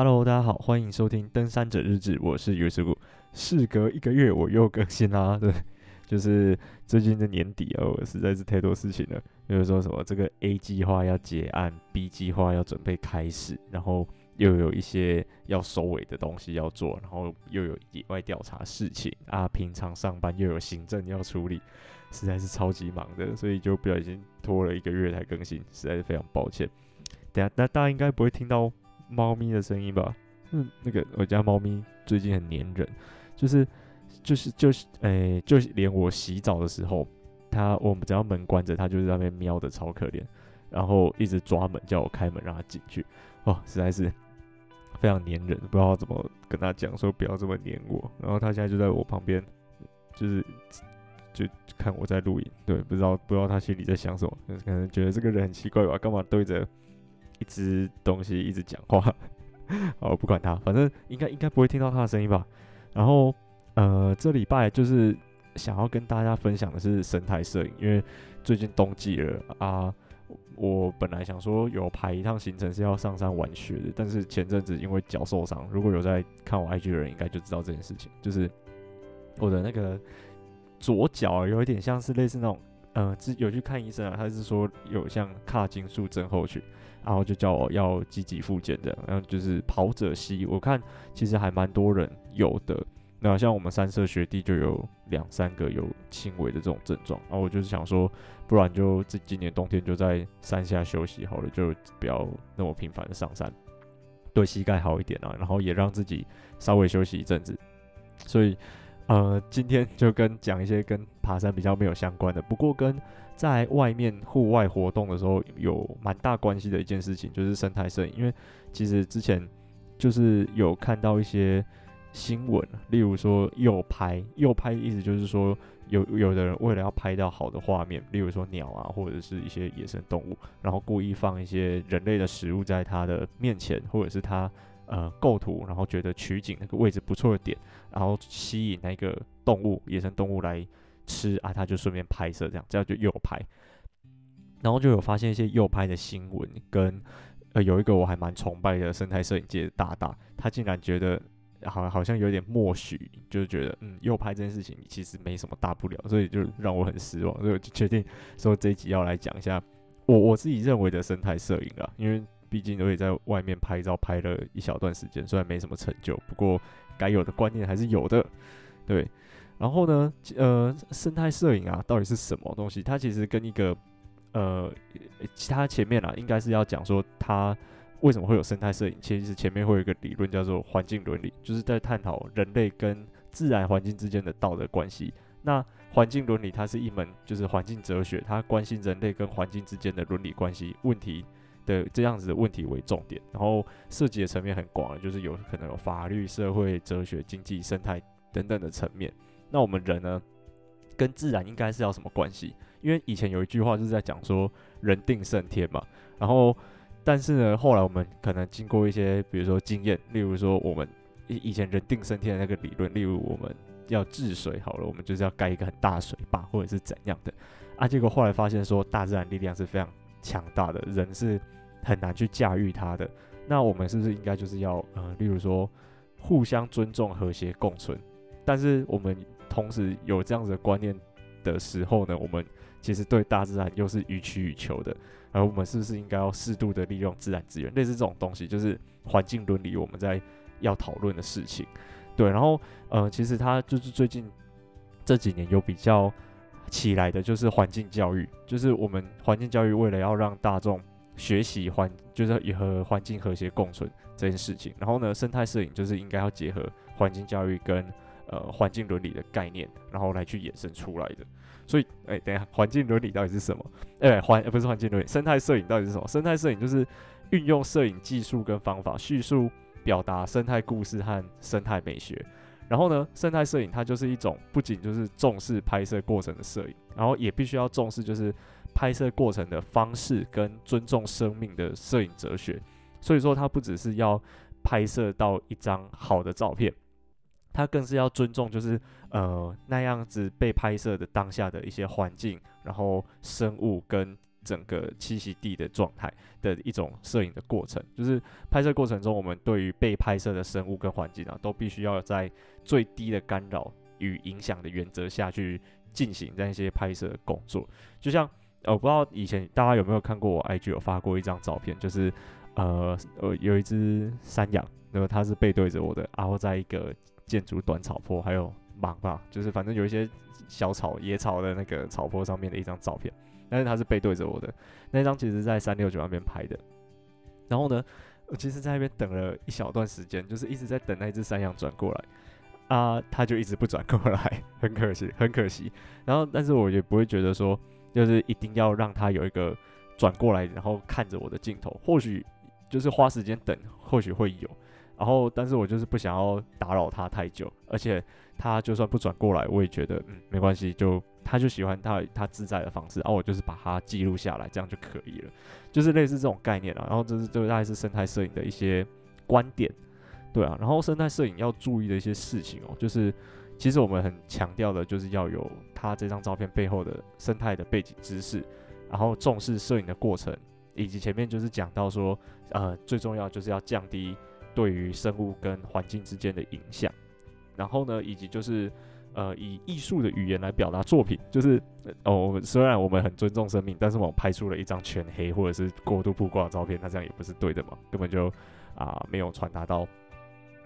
Hello，大家好，歡迎收聽《登山者日誌》，我是 u b 谷。事隔一個月，我又更新啦、啊。對，就是最近的年底哦、啊，實在是太多事情了。就是說什麼，這個 A 計劃要結案，B 計劃要準備開始，然後又有一些要收尾的東西要做，然後又有野外調查事情啊。平常上班又有行政要處理，實在是超級忙的，所以就不小心拖了一個月才更新，實在是非常抱歉。等下，那大家應該不會聽到貓咪的聲音吧，嗯，那個我家貓咪最近很黏人，就是就是就是，哎、欸，就連我洗澡的時候，它我們只要門關着，它就是在那邊喵的，超可憐，然後一直抓門叫我開門讓它進去，哦，實在是非常黏人，不知道怎麼跟他講說不要這麼黏我，然後它現在就在我旁邊，就是就，就看我在錄影，對，不知道不知道它心裡在想什麼，可能覺得這個人很奇怪吧，幹嘛對着。一隻東西一直講話，我 不管他，反正應該應該不會聽到他的聲音吧。然後，呃，這禮拜就是想要跟大家分享的是生態攝影，因為最近冬季了啊。我本來想說有排一趟行程是要上山玩雪的，但是前陣子因為腳受傷，如果有在看我 IG 的人應該就知道這件事情，就是我的那個左腳有一點像是類似那種，呃，有去看醫生啊，他是說有像髂脛束症候群。然後就叫我要積極復健的，然後就是跑者膝，我看其實還蠻多人有的。那像我們三社學弟就有兩三個有輕微的這種症狀。然後我就是想說，不然就今年冬天就在山下休息好了，就不要那麼頻繁的上山，對膝蓋好一點啊。然後也讓自己稍微休息一陣子。所以。呃，今天就跟講一些跟爬山比較沒有相關的，不過跟在外面戶外活動的時候有蠻大關係的一件事情，就是生態攝影。因為其實之前就是有看到一些新聞，例如說誘拍，誘拍的意思就是說有有的人為了要拍到好的畫面，例如說鳥啊或者是一些野生動物，然後故意放一些人類的食物在他的面前，或者是他。呃，構圖，然後覺得取景那個位置不錯的點，然後吸引那個動物，野生動物來吃啊，他就順便拍攝，這樣這樣就誘拍，然後就有發現一些誘拍的新聞，跟呃有一個我還蠻崇拜的生態攝影界的大大，他竟然覺得好好像有點默許，就是覺得嗯誘拍這件事情其實沒什麼大不了，所以就讓我很失望，所以我就決定說這一集要來講一下我我自己認為的生態攝影了，因為。畢竟我也在外面拍照拍了一小段時間，雖然沒什麼成就，不過該有的觀念還是有的。對，然後呢，呃，生態攝影啊，到底是什麼東西？它其實跟一個呃，其他前面啊，應該是要講說它為什麼會有生態攝影。其實前面會有一個理論叫做環境倫理，就是在探討人類跟自然環境之間的道德關係。那環境倫理它是一門就是環境哲學，它關心人類跟環境之間的倫理關係問題。對這樣子的問題為重點，然後涉及的層面很廣，就是有可能有法律、社會、哲學、經濟、生態等等的層面。那我們人呢，跟自然應該是要什麼關係？因為以前有一句話就是在講說“人定勝天”嘛。然後，但是呢，後來我們可能經過一些，比如說經驗，例如說我們以以前“人定勝天”的那個理論，例如我們要治水，好了，我們就是要蓋一個很大的水壩或者是怎樣的啊，結果後來發現說大自然力量是非常強大的，人是，很難去駕馭它的。那我們是不是應該就是要，嗯、呃，例如說，互相尊重、和諧共存。但是我們同時有這樣子的觀念的時候呢，我們其實對大自然又是予取予求的。而、呃、我們是不是應該要適度的利用自然資源？類似這種東西，就是環境倫理，我們在要討論的事情。對，然後，嗯、呃，其實它就是最近這幾年有比較起來的，就是環境教育，就是我們環境教育為了要讓大眾。學習環就是和環境和諧共存這件事情，然後呢，生態攝影就是應該要結合環境教育跟呃環境倫理的概念，然後來去衍生出來的。所以，誒、欸，等一下，環境倫理到底是什麼？誒、欸，環、欸、不是環境倫理，生態攝影到底是什麼？生態攝影就是運用攝影技術跟方法，敘述表達生態故事和生態美學。然後呢，生態攝影它就是一種不僅就是重視拍攝過程的攝影，然後也必須要重視就是。拍攝過程的方式跟尊重生命的攝影哲學，所以說它不只是要拍攝到一張好的照片，它更是要尊重就是呃那樣子被拍攝的當下的一些環境，然後生物跟整個棲息地的狀態的一種攝影的過程。就是拍攝過程中，我們對於被拍攝的生物跟環境啊，都必須要在最低的干擾與影響的原則下去進行這些拍攝工作，就像。我不知道以前大家有沒有看過我 IG 有發過一張照片，就是呃呃有一隻山羊，那麼它是背對着我的，然後在一個箭竹短草坡，還有芒吧，就是反正有一些小草野草的那個草坡上面的一張照片，但是它是背對着我的那張，其實在三六九那邊拍的。然後呢，我其實在那邊等了一小段時間，就是一直在等那隻山羊轉過來啊，它就一直不轉過來，很可惜，很可惜。然後但是我也不會覺得說。就是一定要讓他有一個轉過來，然後看着我的鏡頭。或許就是花時間等，或許會有。然後，但是我就是不想要打擾他太久。而且他就算不轉過來，我也覺得嗯沒關係，就他就喜歡他他自在的方式。然後我就是把它記錄下來，這樣就可以了。就是類似這種概念啊。然後這是就大概是生態攝影的一些觀點，對啊。然後生態攝影要注意的一些事情哦，就是。其實我們很強調的，就是要有它這張照片背後的生態的背景知識，然後重視攝影的過程，以及前面就是講到說，呃，最重要就是要降低對於生物跟環境之間的影響。然後呢，以及就是，呃，以藝術的語言來表達作品，就是哦，雖然我們很尊重生命，但是我們拍出了一張全黑或者是過度曝光的照片，那這樣也不是對的嘛，根本就啊，呃，沒有傳達到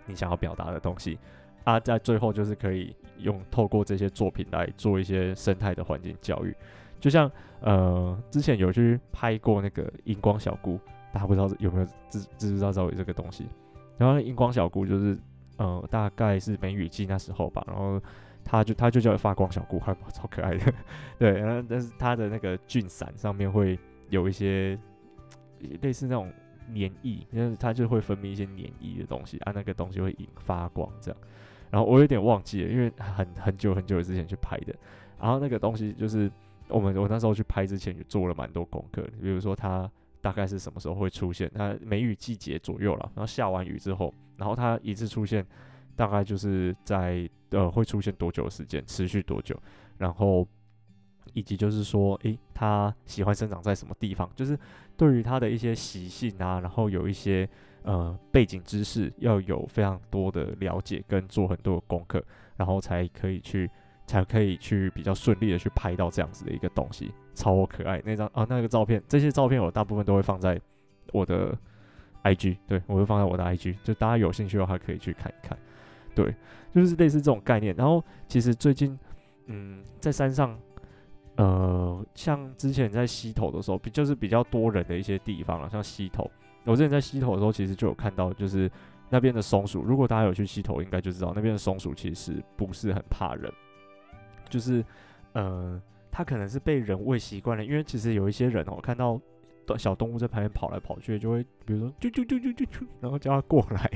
你想要表達的東西。他、啊、在最後就是可以用透過這些作品來做一些生態的環境教育，就像呃之前有去拍過那個熒光小菇，大家不知道有沒有知知不知道有這個東西？然後熒光小菇就是呃大概是梅雨季那時候吧，然後他就他就叫做發光小菇，還超可愛的， 對，然後但是他的那個菌傘上面會有一些類似那種粘液，因為它就會分泌一些粘液的東西，啊那個東西會引發光這樣。然後我有點忘記了，因為很很久很久之前去拍的。然後那個東西就是我們我那時候去拍之前也做了蠻多功課，比如說它大概是什麼時候會出現，它梅雨季節左右了。然後下完雨之後，然後它一次出現大概就是在呃會出現多久的時間，持續多久，然後以及就是說，誒，它喜歡生長在什麼地方，就是對於它的一些習性啊，然後有一些。呃，背景知識要有非常多的了解，跟做很多的功課，然後才可以去，才可以去比較順利的去拍到這樣子的一個東西。超可愛那張啊那個照片，這些照片我大部分都會放在我的 IG，對，我會放在我的 IG，就大家有興趣的話可以去看一看，對，就是類似這種概念。然後其實最近，嗯，在山上，呃，像之前在溪頭的時候，比，就是比較多人的一些地方了，像溪頭。我之前在溪頭的時候，其實就有看到，就是那邊的松鼠。如果大家有去溪頭，應該就知道那邊的松鼠其實不是很怕人，就是，嗯，它可能是被人餵習慣了。因為其實有一些人哦，看到小動物在旁邊跑來跑去，就會比如說，啾啾啾啾啾啾，然後叫它過來，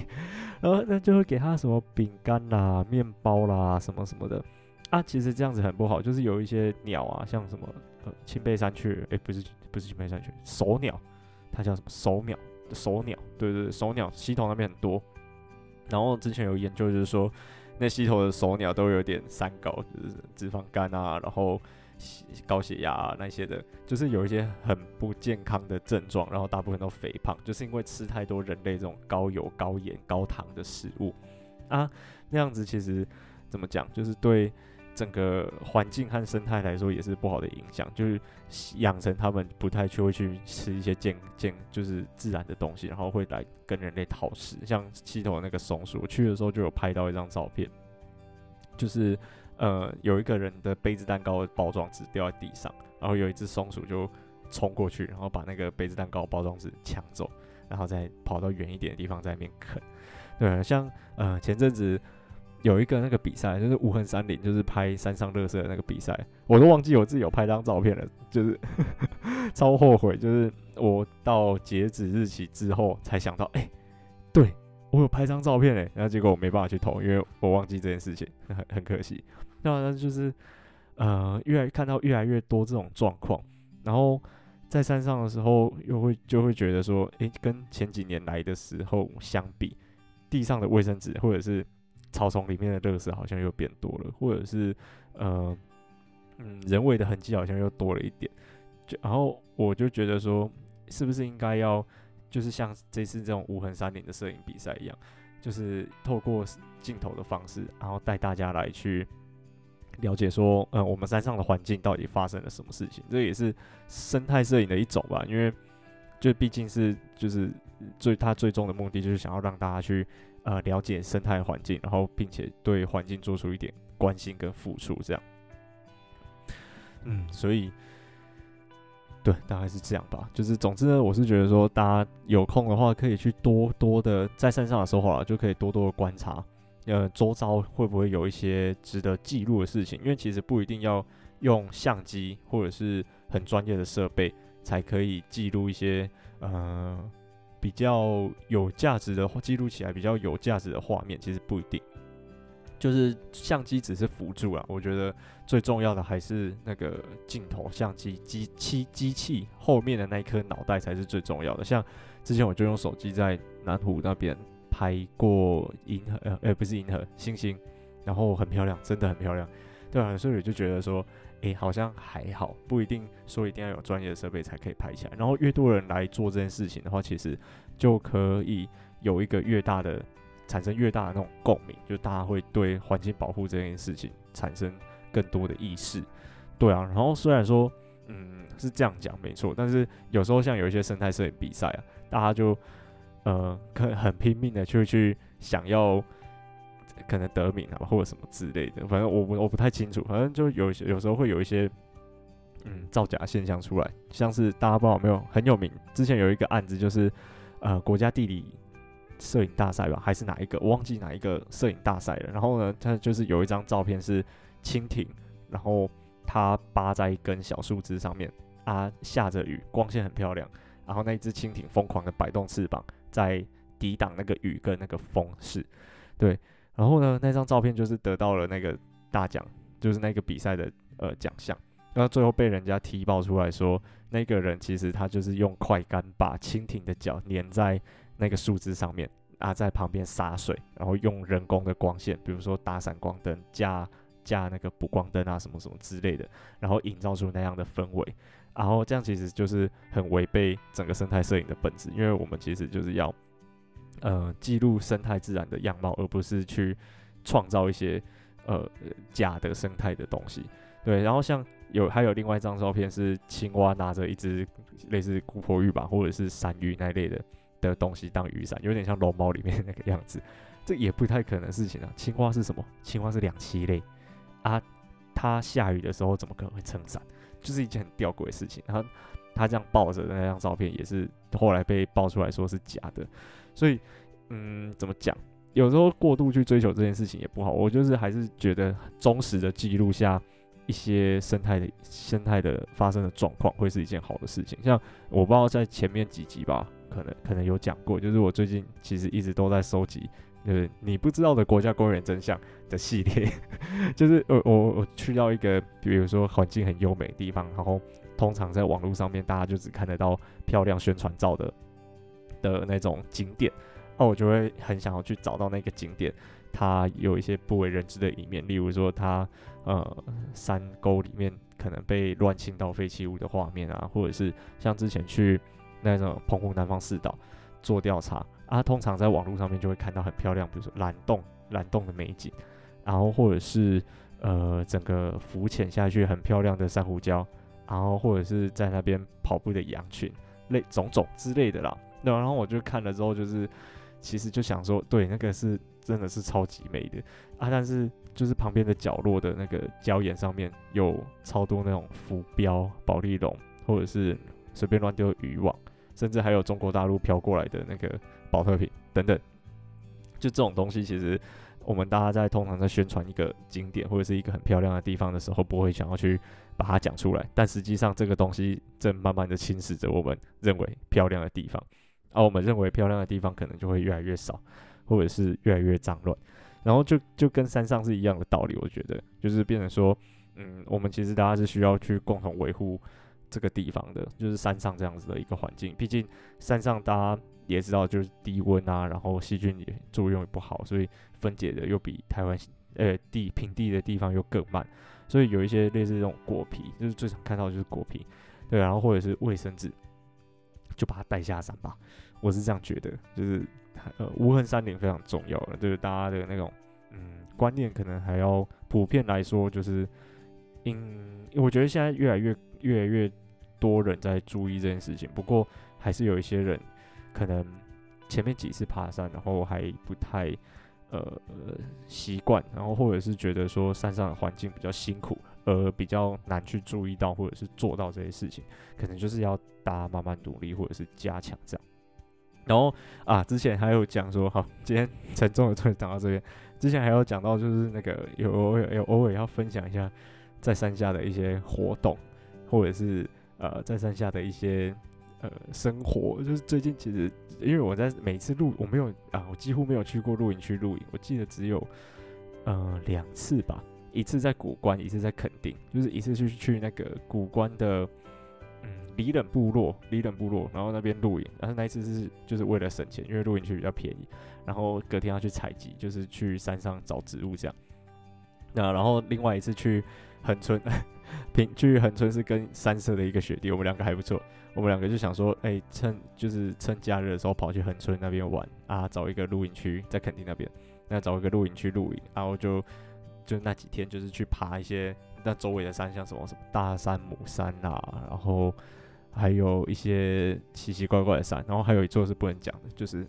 然後那就會給它什麼餅乾啦、麵包啦、什麼什麼的。啊，其實這樣子很不好，就是有一些鳥啊，像什麼，呃，青背山雀，誒，不是，不是青背山雀，藪鳥，它叫什麼藪鳥？候鳥，對對、對，候鳥溪頭那邊很多。然後之前有研究就是說，那溪頭的候鳥都有點三高，就是脂肪肝啊，然後高血壓啊，那些的，就是有一些很不健康的症狀。然後大部分都肥胖，就是因為吃太多人類這種高油、高鹽、高糖的食物啊。那樣子其實怎麼講，就是對。整個環境和生態來說也是不好的影響，就是養成他們不太去會去吃一些健健，就是自然的東西，然後會來跟人類討食。像溪頭那個松鼠，我去的時候就有拍到一張照片，就是呃有一個人的杯子蛋糕包裝紙掉在地上，然後有一隻松鼠就衝過去，然後把那個杯子蛋糕包裝紙搶走，然後再跑到遠一點的地方在那邊啃。對啊，像呃前陣子。有一個那個比賽，就是無痕山林，就是拍山上垃圾的那個比賽，我都忘記我自己有拍張照片了，就是呵呵超後悔，就是我到截止日期之後才想到，哎、欸，對我有拍張照片嘞，欸，然後結果我沒辦法去投，因為我忘記這件事情，很很可惜。那但是就是，呃，越來看到越來越多這種狀況，然後在山上的時候，又會就會覺得說，哎、欸，跟前幾年來的時候相比，地上的衛生紙或者是。草叢裡面的垃圾好像又變多了，或者是，嗯、呃、嗯，人為的痕跡好像又多了一點。就然後我就覺得說，是不是應該要，就是像這次這種無痕山林的攝影比賽一樣，就是透過鏡頭的方式，然後帶大家來去了解說，嗯、呃，我們山上的環境到底發生了什麼事情？這也是生態攝影的一種吧，因為就畢竟是就是最他最終的目的就是想要讓大家去。呃，了解生態環境，然後並且對環境做出一點關心跟付出，這樣，嗯，所以，對，大概是這樣吧。就是，總之呢，我是覺得說，大家有空的話，可以去多多的在山上的時候啊，就可以多多的觀察，呃，周遭會不會有一些值得記錄的事情。因為其實不一定要用相機或者是很專業的設備，才可以記錄一些，呃。比較有價值的記錄起來比較有價值的畫面，其實不一定，就是相機只是輔助啊。我覺得最重要的還是那個鏡頭相、相機、機器、機器後面的那一顆腦袋才是最重要的。像之前我就用手機在南湖那邊拍過銀河呃，呃，不是銀河，星星，然後很漂亮，真的很漂亮，對啊，所以我就覺得說。誒，好像還好，不一定說一定要有專業的設備才可以拍起來。然後越多人來做這件事情的話，其實就可以有一個越大的產生越大的那種共鳴，就大家會對環境保護這件事情產生更多的意識。對啊，然後雖然說，嗯，是這樣講沒錯，但是有時候像有一些生態攝影比賽啊，大家就呃很很拼命的去去想要。可能得名啊，或者什麼之類的，反正我不我不太清楚。反正就有有時候會有一些嗯造假現象出來，像是大家不知道有沒有很有名之前有一個案子，就是呃國家地理攝影大賽吧，還是哪一個我忘記哪一個攝影大賽了。然後呢，它就是有一張照片是蜻蜓，然後它扒在一根小樹枝上面啊，下着雨，光線很漂亮，然後那只蜻蜓瘋狂的擺動翅膀，在抵擋那個雨跟那個風勢，對。然後呢，那張照片就是得到了那個大獎，就是那個比賽的呃獎項。那最後被人家踢爆出來說，那個人其實他就是用快乾把蜻蜓的腳粘在那個樹枝上面啊，在旁邊灑水，然後用人工的光線，比如說打閃光燈、架架那個補光燈啊，什麼什麼之類的，然後營造出那樣的氛圍。然後這樣其實就是很違背整個生態攝影的本質，因為我們其實就是要。呃，記錄生態自然的樣貌，而不是去創造一些呃假的生態的東西。對，然後像有還有另外一張照片是青蛙拿着一隻類似姑婆芋吧，或者是山芋那類的的東西當雨傘，有點像龍貓裡面那個樣子。這也不太可能的事情啊！青蛙是什麼？青蛙是兩棲類啊，它下雨的時候怎麼可能會撐傘？就是一件很吊詭的事情。然後他這樣抱着的那張照片也是後來被爆出來說是假的。所以，嗯，怎麼講？有時候過度去追求這件事情也不好。我就是還是覺得忠實的記錄下一些生態的生態的發生的狀況，會是一件好的事情。像我不知道在前面幾集吧，可能可能有講過，就是我最近其實一直都在收集，就是你不知道的國家公園真相的系列，就是我我我去到一個比如說環境很優美的地方，然後通常在網絡上面大家就只看得到漂亮宣傳照的。的那種景點，哦、啊，我就會很想要去找到那個景點，它有一些不為人知的一面，例如說它呃山溝裡面可能被亂傾倒廢棄物的畫面啊，或者是像之前去那種澎湖南方四島做調查，啊，通常在網絡上面就會看到很漂亮，比如說藍洞藍洞的美景，然後或者是呃整個浮潛下去很漂亮的珊瑚礁，然後或者是在那邊跑步的羊群類種種之類的啦。對，然後我就看了之後，就是其實就想說，對，那個是真的是超級美的啊！但是就是旁邊的角落的那個礁岩上面有超多那種浮標、保麗龍，或者是隨便亂丟的漁網，甚至還有中國大陸飄過來的那個保特瓶等等。就這種東西，其實我們大家在通常在宣傳一個景點或者是一個很漂亮的地方的時候，不會想要去把它講出來。但實際上，這個東西正慢慢的侵蝕着我們認為漂亮的地方。而、啊、我們認為漂亮的地方，可能就會越來越少，或者是越來越髒亂，然後就就跟山上是一樣的道理。我覺得就是變成說，嗯，我們其實大家是需要去共同維護這個地方的，就是山上這樣子的一個環境。畢竟山上大家也知道，就是低溫啊，然後細菌也作用也不好，所以分解的又比台灣呃地平地的地方又更慢。所以有一些類似這種果皮，就是最常看到的就是果皮，對，然後或者是衛生紙。就把他帶下山吧，我是這樣覺得，就是呃無痕山林非常重要了，就是大家的那種嗯觀念可能還要普遍來說就是因，因我覺得現在越來越越來越多人在注意這件事情，不過還是有一些人可能前面幾次爬山，然後還不太呃習慣，然後或者是覺得說山上的環境比較辛苦。呃，比較難去注意到或者是做到這些事情，可能就是要大家慢慢努力或者是加強這樣。然後啊，之前還有講說，好，今天才終於終於講到這邊。之前還有講到，就是那個有偶爾有，有，有偶爾要分享一下在山下的一些活動，或者是呃在山下的一些呃生活。就是最近其實因為我在每次錄，我沒有啊，我幾乎沒有去過露營區露營，我記得只有呃兩次吧。一次在古關，一次在墾丁，就是一次去去那個古關的嗯裡冷部落，裡冷部落，然後那邊露營，然後那一次是就是為了省錢，因為露營區比較便宜，然後隔天要去採集，就是去山上找植物這樣。那然後另外一次去恆春，平 去恆春是跟三色的一個學弟，我們兩個還不錯，我們兩個就想說，哎、欸，趁就是趁假日的時候跑去恆春那邊玩啊，找一個露營區在墾丁那邊，那找一個露營區露營，然、啊、後就。就那幾天，就是去爬一些那周圍的山，像什麼什麼大山母山啊，然後還有一些奇奇怪怪的山，然後還有一座是不能講的，就是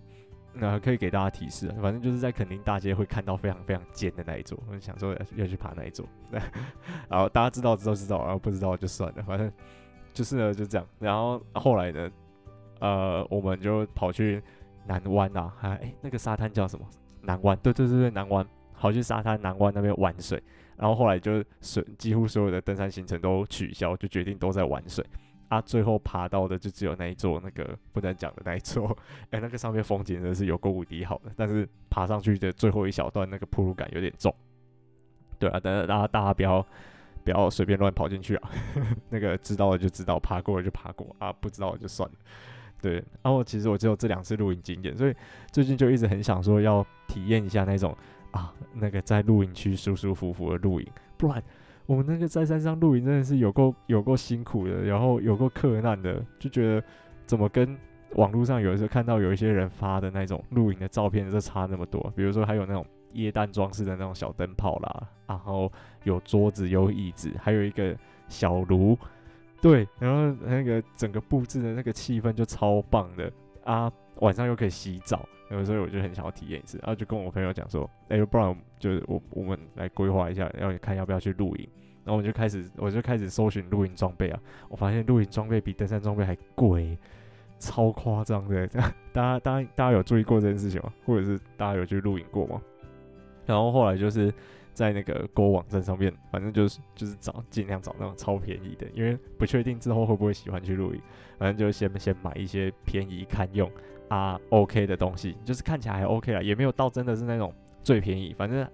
那、嗯、還可以給大家提示、啊，反正就是在墾丁大街會看到非常非常尖的那一座，我想說要，要去爬那一座、嗯，然後大家知道知道知道，然後不知道就算了，反正就是呢就這樣，然後後來呢，呃，我們就跑去南灣啊，哎，那個沙灘叫什麼？南灣，對對對對，南灣。跑去沙灘南灣那邊玩水，然後後來就是幾乎所有的登山行程都取消，就決定都在玩水。啊，最後爬到的就只有那一座那個不能講的那一座，哎、欸，那個上面風景真的是有夠無敵好的，但是爬上去的最後一小段那個坡路感有點重。對啊，大家大家不要不要隨便亂跑進去啊呵呵，那個知道了就知道，爬過了就爬過啊，不知道就算了。對，然後其實我只有這兩次錄影經驗，所以最近就一直很想說要體驗一下那種。啊，那個在露營區舒舒服服的露營，不然我們那個在山上露營真的是有夠有夠辛苦的，然後有夠克難的，就覺得怎麼跟網絡上有的時候看到有一些人發的那種露營的照片，就差那麼多。比如說還有那種耶誕裝飾的那種小燈泡啦，然後有桌子有椅子，還有一個小爐，對，然後那個整個佈置的那個氣氛就超棒的啊，晚上又可以洗澡。然後、嗯、所以我就很想要體驗一次，然、啊、後就跟我朋友講說，哎、欸，不然我就我我們來規劃一下，要看要不要去露營。然後我們就開始我就開始搜尋露營裝備啊，我發現露營裝備比登山裝備還貴，超誇張的。大家大家大家有注意過這件事情嗎？或者是大家有去露營過嗎？然後後來就是。在那個購物網站上面，反正就是就是找盡量找那種超便宜的，因為不確定之後會不會喜歡去露營，反正就先先買一些便宜堪用啊 OK 的東西，就是看起來還 OK 啦，也沒有到真的是那種最便宜，反正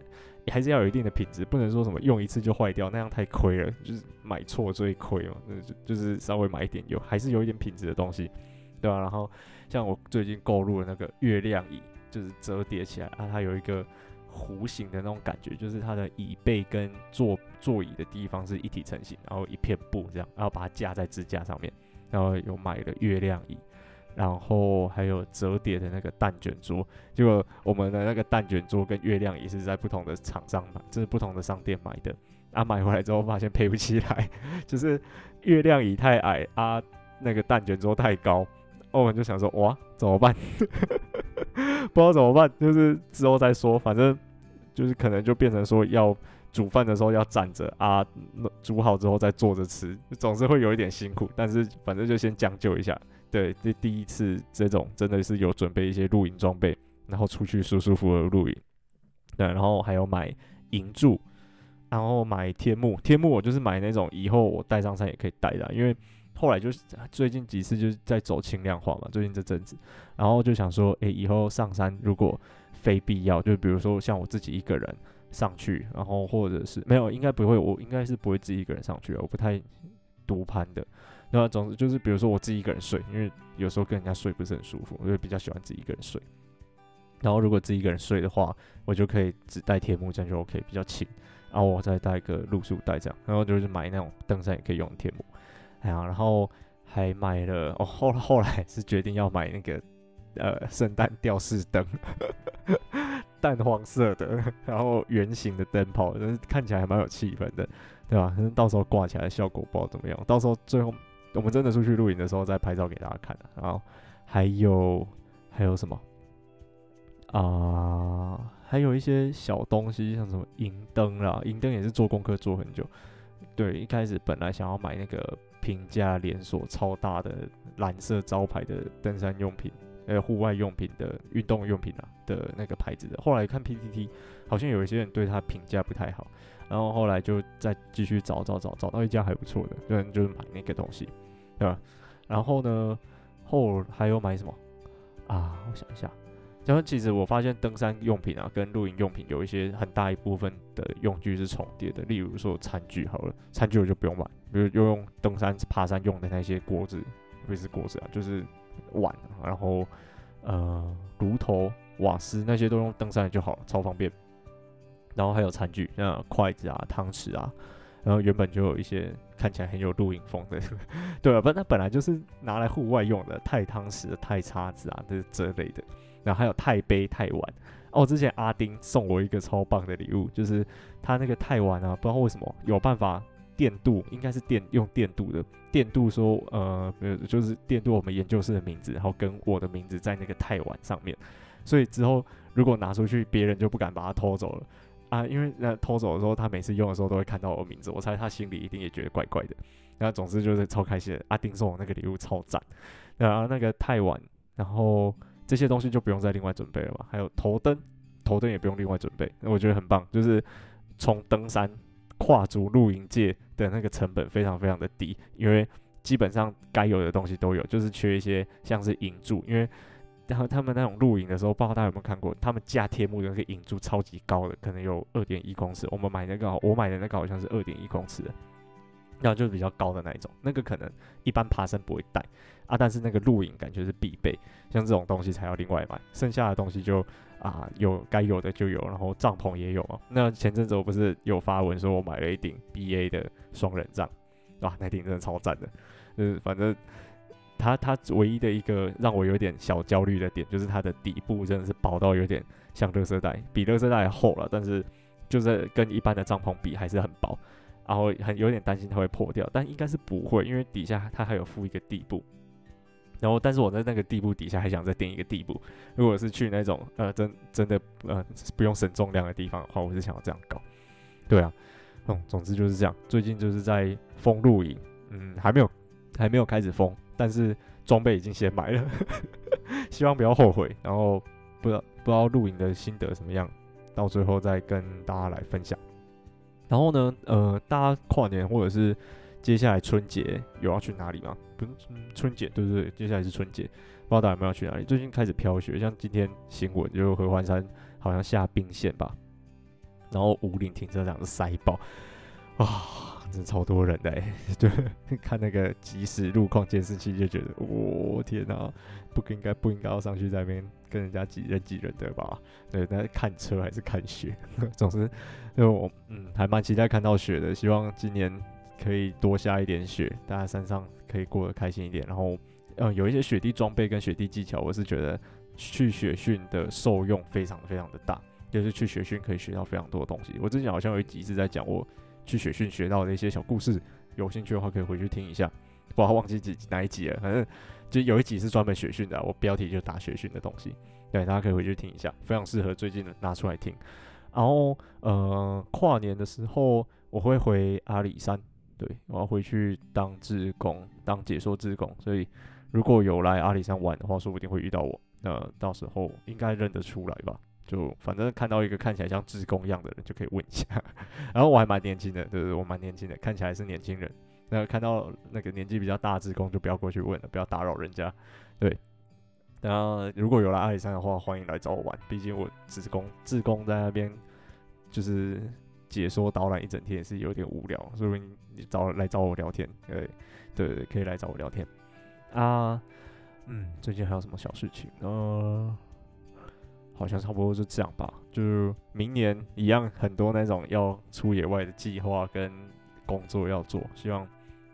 還是要有一定的品質，不能說什麼用一次就壞掉，那樣太虧了，就是買錯最虧嘛，那就就是稍微買一點有還是有一點品質的東西，對吧、啊？然後像我最近購入的那個月亮椅，就是折疊起來啊，它有一個。弧形的那種感覺，就是它的椅背跟坐座,座椅的地方是一體成型，然後一片布這樣，然後把它架在支架上面，然後有買了月亮椅，然後還有折疊的那個蛋卷桌，結果我們的那個蛋卷桌跟月亮椅是在不同的廠商買，就是不同的商店買的，啊買回來之後發現配不起來，就是月亮椅太矮，啊那個蛋卷桌太高。Oh, 我就想說，哇，怎麼辦？ 不知道怎麼辦，就是之後再說。反正就是可能就變成說，要煮飯的時候要站着啊，煮好之後再坐着吃，總是會有一點辛苦。但是反正就先將就一下。對，這第一次這種真的是有準備一些露營裝備，然後出去舒舒服服的露營。對，然後還有買營柱，然後買天幕。天幕我就是買那種以後我帶上山也可以帶的，因為。後來就是最近幾次就是在走輕量化嘛，最近這陣子，然後就想說，誒、欸，以後上山如果非必要，就比如說像我自己一個人上去，然後或者是沒有，應該不會，我應該是不會自己一個人上去，我不太獨攀的。那總之就是，比如說我自己一個人睡，因為有時候跟人家睡不是很舒服，我就比較喜歡自己一個人睡。然後如果自己一個人睡的話，我就可以只帶天幕，這樣就 OK，比較輕，然、啊、後我再帶個露宿袋這樣，然後就是買那種登山也可以用的天幕。哎呀，然後還買了哦。後後來是決定要買那個，呃，聖誕吊飾燈呵呵，淡黃色的，然後圓形的燈泡，就是看起來還蠻有氣氛的，對吧？但是到時候掛起來效果不知道怎麼樣。到時候最後我們真的出去露營的時候再拍照給大家看。然後還有還有什麼啊、呃？還有一些小東西，像什麼銀燈啦，銀燈也是做功課做很久。對，一開始本來想要買那個。平價連鎖超大的藍色招牌的登山用品，還、呃、有戶外用品的運動用品啊的那個牌子的。後來看 PTT，好像有一些人對他評價不太好，然後後來就再繼續找找找，找到一家還不錯的，就就是買那個東西。對吧？然後呢，後還有買什麼？啊，我想一下。然後其實我發現登山用品啊，跟露營用品有一些很大一部分的用具是重疊的。例如說餐具好了，餐具我就不用買，比如又用登山爬山用的那些鍋子，不是鍋子啊，就是碗，然後呃爐頭、瓦斯那些都用登山就好，超方便。然後還有餐具，像筷子啊、湯匙啊，然後原本就有一些看起來很有露營風的， 對啊，不然它本來就是拿來戶外用的，鈦湯匙、鈦叉子啊，這是這類的。然後還有鈦杯泰、鈦碗哦。之前阿丁送我一個超棒的禮物，就是他那個鈦碗啊，不知道為什麼有辦法電鍍，應該是電用電鍍的電鍍說，說呃，沒有，就是電鍍我們研究室的名字，然後跟我的名字在那個鈦碗上面。所以之後如果拿出去，別人就不敢把它偷走了啊，因為那偷走的時候，他每次用的時候都會看到我的名字，我猜他心裡一定也覺得怪怪的。那總之就是超開心的，阿丁送我那個禮物超讚，然後那個鈦碗，然後。這些東西就不用再另外準備了吧？還有頭燈，頭燈也不用另外準備，那我覺得很棒。就是從登山、跨足露營界的那個成本非常非常的低，因為基本上該有的東西都有，就是缺一些像是營柱，因為然後他們那種露營的時候，不知道大家有沒有看過，他們架天幕的那個營柱超級高的，可能有二點一公尺。我們買那個，我買的那個好像是二點一公尺的，然後就是比較高的那一種，那個可能一般爬山不會帶。啊！但是那個錄影感覺是必備，像這種東西才要另外買。剩下的東西就啊，有該有的就有，然後帳篷也有啊。那前陣子我不是有發文說我買了一頂 B A 的雙人帳啊，那頂真的超贊的。嗯、就是，反正它它唯一的一個讓我有點小焦慮的點，就是它的底部真的是薄到有點像垃圾袋，比垃圾袋厚了，但是就是跟一般的帳篷比還是很薄。然後很有點擔心它會破掉，但應該是不會，因為底下它還有附一個地布。然後，但是我在那個地步底下還想再墊一個地步。如果是去那種呃真真的呃不用省重量的地方的話，我是想要這樣搞。對啊，嗯，總之就是這樣。最近就是在瘋露營，嗯，還沒有還沒有開始瘋，但是裝備已經先買了，呵呵，希望不要後悔。然後不知道不知道露營的心得怎麼樣，到最後再跟大家來分享。然後呢，呃，大家跨年或者是。接下來春節有要去哪裡嗎？不是、嗯、春節，對對對，接下來是春節，不知道大家有沒有要去哪裡。最近開始飄雪，像今天新聞，就合歡山好像下冰線吧，然後武嶺停車場塞爆，啊、哦，真超多人的。對，看那個即時路況監視器就覺得，我、哦、天哪、啊，不應該不應該要上去在那邊跟人家擠人擠人的吧？對，那看車還是看雪，總之，因為我嗯，還蠻期待看到雪的，希望今年可以多下一點雪，大家山上可以過得開心一點。然後，呃、嗯，有一些雪地裝備跟雪地技巧，我是覺得去雪訓的受用非常非常的大，就是去雪訓可以學到非常多的東西。我之前好像有一集在講我去雪訓學到的一些小故事，有興趣的話可以回去聽一下。不好忘記幾哪一集了，反正就有一集是專門雪訓的、啊，我標題就打雪訓的東西。對，大家可以回去聽一下，非常適合最近的拿出來聽。然後，呃，跨年的時候我會回阿里山。對，我要回去當志工，當解說志工。所以如果有來阿里山玩的話，說不定會遇到我。那到時候應該認得出來吧？就反正看到一個看起來像志工一樣的人，就可以問一下。 然後我還蠻年輕的，對對，我蠻年輕的，看起來是年輕人。那看到那個年紀比較大志工，就不要過去問了，不要打擾人家。對，那如果有來阿里山的話，歡迎來找我玩。畢竟我志工，志工在那邊就是。解說導覽一整天也是有點無聊，所以你找來找我聊天，對對對，可以來找我聊天啊。Uh, 嗯，最近還有什麼小事情呢？Uh, 好像差不多就這樣吧。就明年一樣，很多那種要出野外的計劃跟工作要做。希望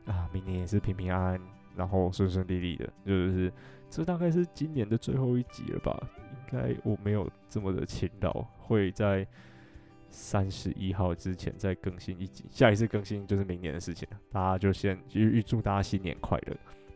啊，明年也是平平安安，然後順順利利的。就是這大概是今年的最後一集了吧？應該我沒有這麼的勤勞，會在三十一號之前再更新一集，下一次更新就是明年的事情，大家就先預預祝，祝大家新年快樂，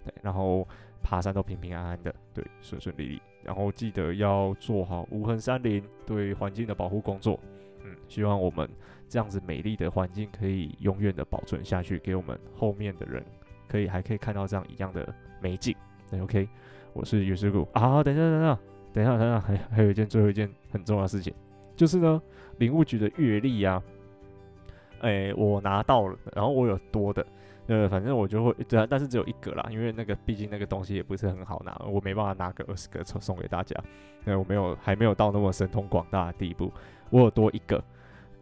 對，然後爬山都平平安安的，對，順順利利，然後記得要做好無痕山林對環境的保護工作，嗯，希望我們這樣子美麗的環境可以永遠的保存下去，給我們後面的人可以還可以看到這樣一樣的美景。對，哎，OK，我是尤 g o 啊，等一下，等一下，等一下，等一下，還還有一件最後一件很重要的事情，就是呢。林務局的閱曆啊，哎、欸，我拿到了，然後我有多的，呃，反正我就會，但但是只有一個啦，因為那個畢竟那個東西也不是很好拿，我沒辦法拿個二十個送送給大家，哎，我沒有還沒有到那麼神通廣大的地步，我有多一個，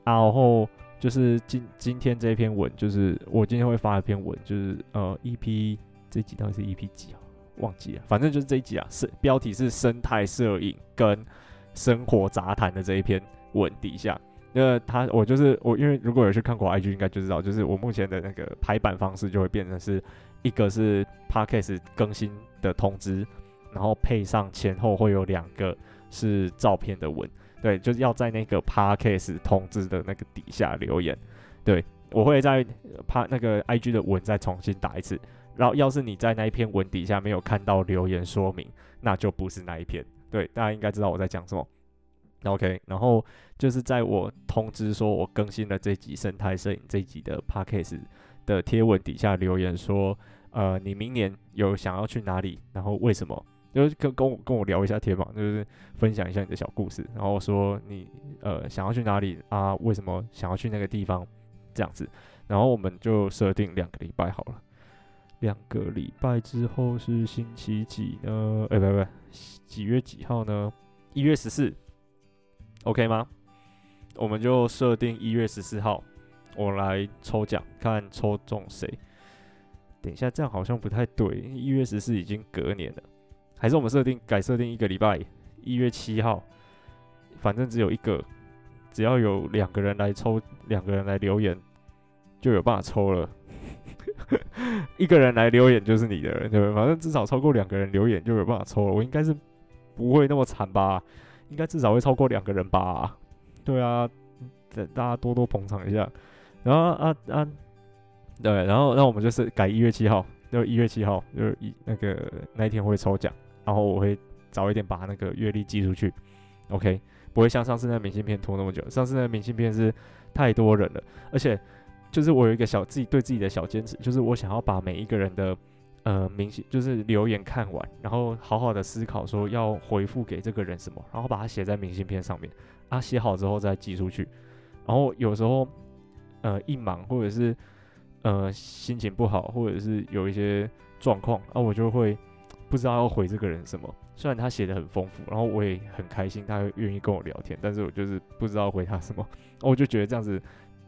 然後就是今今天這一篇文，就是我今天會發一篇文，就是呃，EP 這集到底是 EP 幾啊？忘記了，反正就是這一集啊，是標題是生態攝影跟生活雜談的這一篇。文底下，那他我就是我，因為如果有去看過 IG，應該就知道，就是我目前的那個排版方式就會變成是一個是 Podcast 更新的通知，然後配上前後會有兩個是照片的文，對，就是要在那個 Podcast 通知的那個底下留言，對，我會在 P 那那個 IG 的文再重新打一次，然後要是你在那一篇文底下沒有看到留言說明，那就不是那一篇，對，大家應該知道我在講什麼。OK，然後就是在我通知說我更新了這集生態攝影這集的 Podcast 的貼文底下留言說，呃，你明年有想要去哪裡？然後為什麼？就跟跟我跟我聊一下天嘛，就是分享一下你的小故事，然後說你呃想要去哪裡啊？為什麼想要去那個地方？這樣子，然後我們就設定兩個禮拜好了。兩個禮拜之後是星期幾呢？哎，不不幾月幾號呢？一月十四。OK 嗎？我們就設定一月十四號，我來抽獎，看抽中誰。等一下，這樣好像不太對，一月十四已經隔年了，還是我們設定改設定一個禮拜，一月七號。反正只有一個，只要有兩個人來抽，兩個人來留言，就有辦法抽了。 一個人來留言就是你的，對不對？反正至少超過兩個人留言就有辦法抽了。我應該是不會那麼慘吧？應該至少會超過兩個人吧？對啊，大家多多捧場一下。然後啊啊，對，然後那我們就是改一月七號，就一月七號就一那個那一天會抽獎，然後我會早一點把那個月曆寄出去。OK，不會像上次那明信片拖那麼久。上次那明信片是太多人了，而且就是我有一個小自己對自己的小堅持，就是我想要把每一個人的。呃，明信就是留言看完，然後好好的思考說要回復給這個人什麼，然後把它寫在明信片上面啊，寫好之後再寄出去。然後有時候，呃，一忙或者是呃心情不好，或者是有一些狀況啊，我就會不知道要回這個人什麼。雖然他寫的很豐富，然後我也很開心，他願意跟我聊天，但是我就是不知道回他什麼。啊、我就覺得這樣子，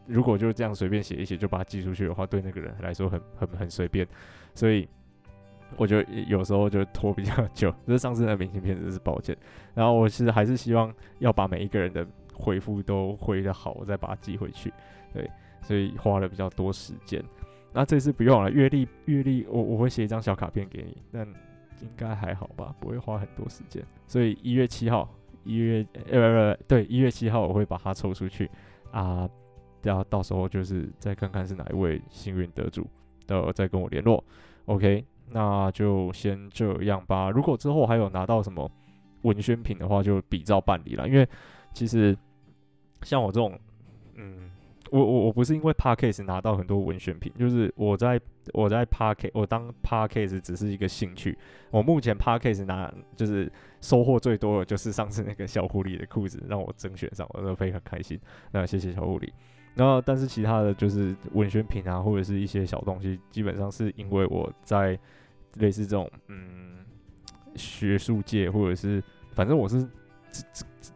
如果就這樣隨便寫一寫就把它寄出去的話，對那個人來說很很很隨便，所以。我覺得有時候就拖比較久，就是上次那明信片真是抱歉。然後我其實還是希望要把每一個人的回復都回的好，我再把它寄回去，對，所以花了比較多時間。那這次不用了，月曆、月曆，我我會寫一張小卡片給你，但應該還好吧，不會花很多時間。所以一月七號，一月，呃、欸，不、欸欸欸、對，一月七號我會把它抽出去啊，要到時候就是再看看是哪一位幸運得主，到時候再跟我聯絡，OK。那就先這樣吧。如果之後還有拿到什麼文宣品的話，就比照辦理了。因為其實像我這種，嗯，我我我不是因為 Podcast 拿到很多文宣品，就是我在我在 Podcast，我當 Podcast 只是一個興趣。我目前 Podcast 拿就是收穫最多的就是上次那個小狐狸的褲子讓我甄選上，我都非常開心。那謝謝小狐狸。然後，但是其他的就是文宣品啊，或者是一些小東西，基本上是因為我在類似這種嗯學術界，或者是反正我是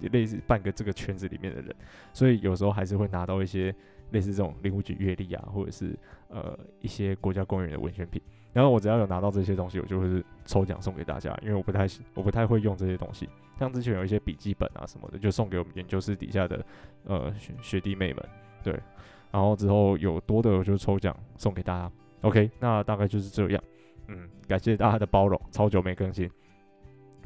類似半個這個圈子裡面的人，所以有時候還是會拿到一些類似這種林務局月曆啊，或者是呃一些國家公園的文宣品。然後我只要有拿到這些東西，我就會是抽獎送給大家，因為我不太我不太會用這些東西，像之前有一些筆記本啊什麼的，就送給我們研究室底下的呃學，學弟妹們。對，然後之後有多的我就抽獎送給大家。OK，那大概就是這樣。嗯，感謝大家的包容，超久沒更新。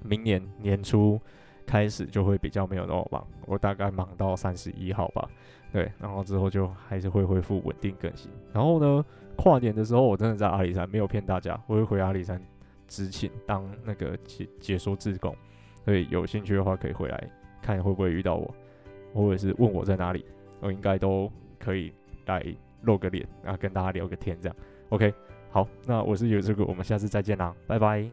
明年年初開始就會比較沒有那麼忙，我大概忙到三十一號吧。對，然後之後就還是會恢復穩定更新。然後呢，跨年的時候我真的在阿里山，沒有騙大家，我會回阿里山執勤當那個解解說志工。所以有興趣的話可以回來看會不會遇到我，或者是問我在哪裡。我應該都可以來露個臉，啊，跟大家聊個天，這樣 OK。好，那我是有這個，我們下次再見啦，拜拜。